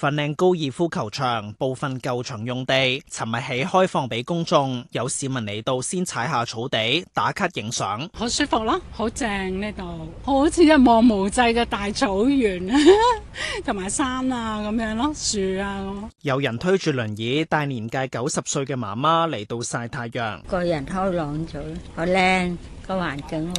份靚高爾夫球場部分舊場用地，尋日起開放俾公眾，有市民嚟到先踩下草地打卡影相，好舒服咯，好正呢度，好似一望無際嘅大草原同埋 山啊咁樣咯、啊，樹啊、那個，有人推住輪椅帶年屆九十歲嘅媽媽嚟到晒太陽，個人開朗咗，好靚個環境好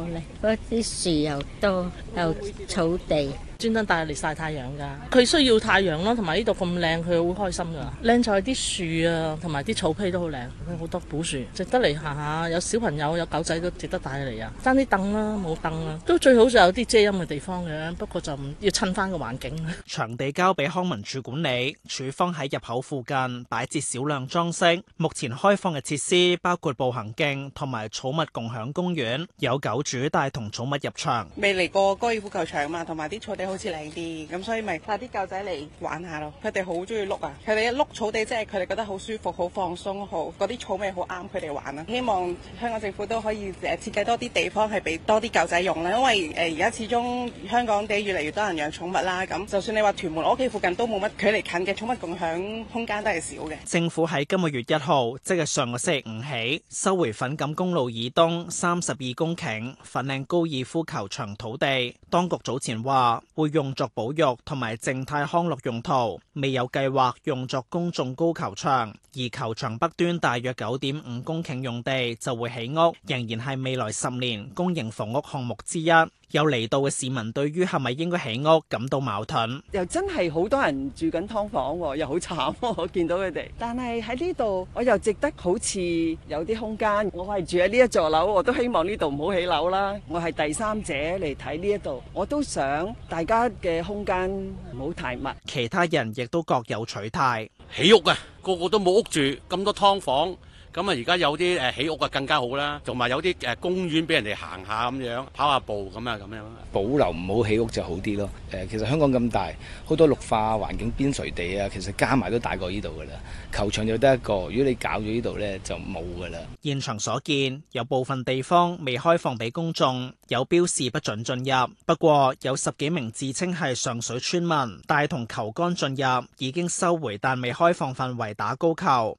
靚，嗰啲樹又多又草地。專登帶佢嚟曬太陽㗎，佢需要太陽咯，同埋呢度咁靚，佢好開心㗎。靚在啲樹啊，同埋啲草皮都好靚，好多古樹，值得嚟行下下。有小朋友，有狗仔都值得帶佢嚟啊。爭啲凳啦，冇凳啦，都最好就有啲遮陰嘅地方嘅。不過就唔要襯翻個環境。場地交俾康文署管理，處方喺入口附近擺設少量裝飾。目前開放嘅設施包括步行徑同埋寵物共享公園，有狗主帶同寵物入場。未嚟過高爾夫球場啊嘛，同埋啲草地好似靚啲，咁所以咪帶啲狗仔嚟玩下咯。佢哋好中意碌啊！佢哋一碌草地，即係佢哋覺得好舒服、好放鬆、好嗰啲草味好啱佢哋玩啊！希望香港政府都可以設計多啲地方係俾多啲狗仔用啦。因為而家始終香港地越嚟越多人養寵物啦，咁就算你話屯門屋企附近都冇乜距離近嘅寵物共享空間都係少嘅。政府喺今個月一號，即係上個星期五起，收回粉錦公路以東三十二公頃粉嶺高爾夫球場土地。當局早前話，會用作保育同埋靜態康樂用途，未有計劃用作公眾高球場。而球場北端大約九點五公頃用地就會起屋，仍然係未來十年公營房屋項目之一。有嚟到嘅市民對於係咪應該起屋感到矛盾，又真係好多人住緊劏房，又好慘，我見到佢哋。但係喺呢度，我又值得好似有啲空間。我係住喺呢一座樓，我都希望呢度唔好起樓啦。我係第三者嚟睇呢一度，我都想大家嘅空間唔好太密。其他人亦都各有取態，起屋啊，個個都冇屋住，咁多劏房。咁啊！而家有啲誒起屋啊，更加好啦。同埋有啲誒公園俾人哋行下咁樣，跑下步咁啊，咁樣保留唔好起屋就好啲咯。誒，其實香港咁大，好多綠化環境邊陲地啊，其實加埋都大過呢度噶啦。球場就得一個，如果你搞咗呢度咧，就冇噶啦。現場所見，有部分地方未開放俾公眾，有標示不准進入。不過有十幾名自稱係上水村民，帶同球桿進入，已經收回但未開放範圍打高球。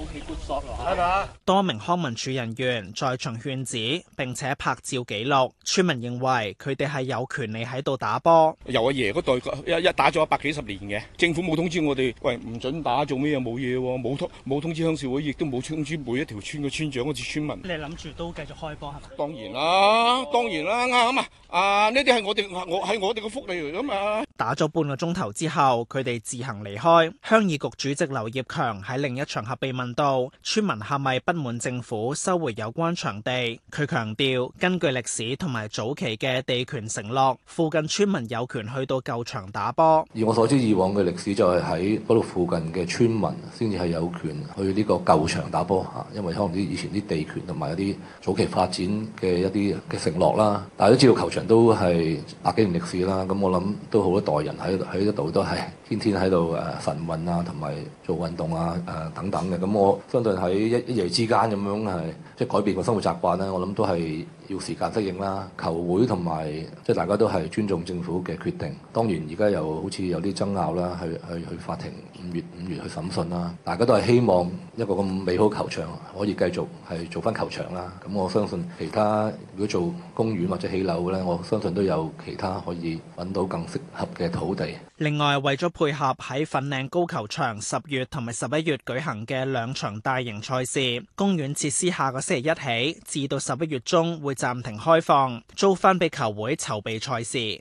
Okay, job, right? 多名康文署人員在場勸止，並且拍照記錄。村民認為佢哋係有權利喺度打波。由阿爺嗰代一一打咗一百幾十年嘅，政府冇通知我哋。喂，唔准打做咩嘢？冇嘢喎，冇通冇通知鄉事會，亦都冇通知每一條村嘅村長或者村民。你諗住都繼續開波係咪？當然啦，當然啦，啱呀。啊呢啲係我哋我係我哋嘅福利嚟㗎嘛。打咗半個鐘頭之後，佢哋自行離開。鄉議局主席劉業強喺另一場合被問，到村民係咪不滿政府收回有關場地？佢強調，根據歷史同埋早期嘅地權承諾，附近村民有權去到舊場打波。以我所知，以往嘅歷史就係喺嗰度附近嘅村民先至係有權去呢個舊場打波吓，因為可能啲以前啲地權同埋一啲早期發展嘅一啲嘅承諾啦。大家都知道球場都係百幾年歷史啦，咁我諗都好多代人喺喺度都係天天喺度誒，晨運啊，同埋做運動啊，誒等等嘅咁。我相對喺一一夜之間咁樣是，係即係改變個生活習慣咧，我諗都係。要時間適應啦，球會同埋即係大家都係尊重政府嘅決定。當然而家又好似有啲爭拗啦，去去去法庭五月五月去審訊啦。大家都係希望一個咁美好球場可以繼續係做翻球場啦。咁我相信其他如果做公園或者起樓呢，我相信都有其他可以揾到更適合嘅土地。另外為咗配合喺粉嶺高球場十月同埋十一月舉行嘅兩場大型賽事，公園設施下個星期一起至到十一月中會暫停開放，租翻俾球會籌備賽事。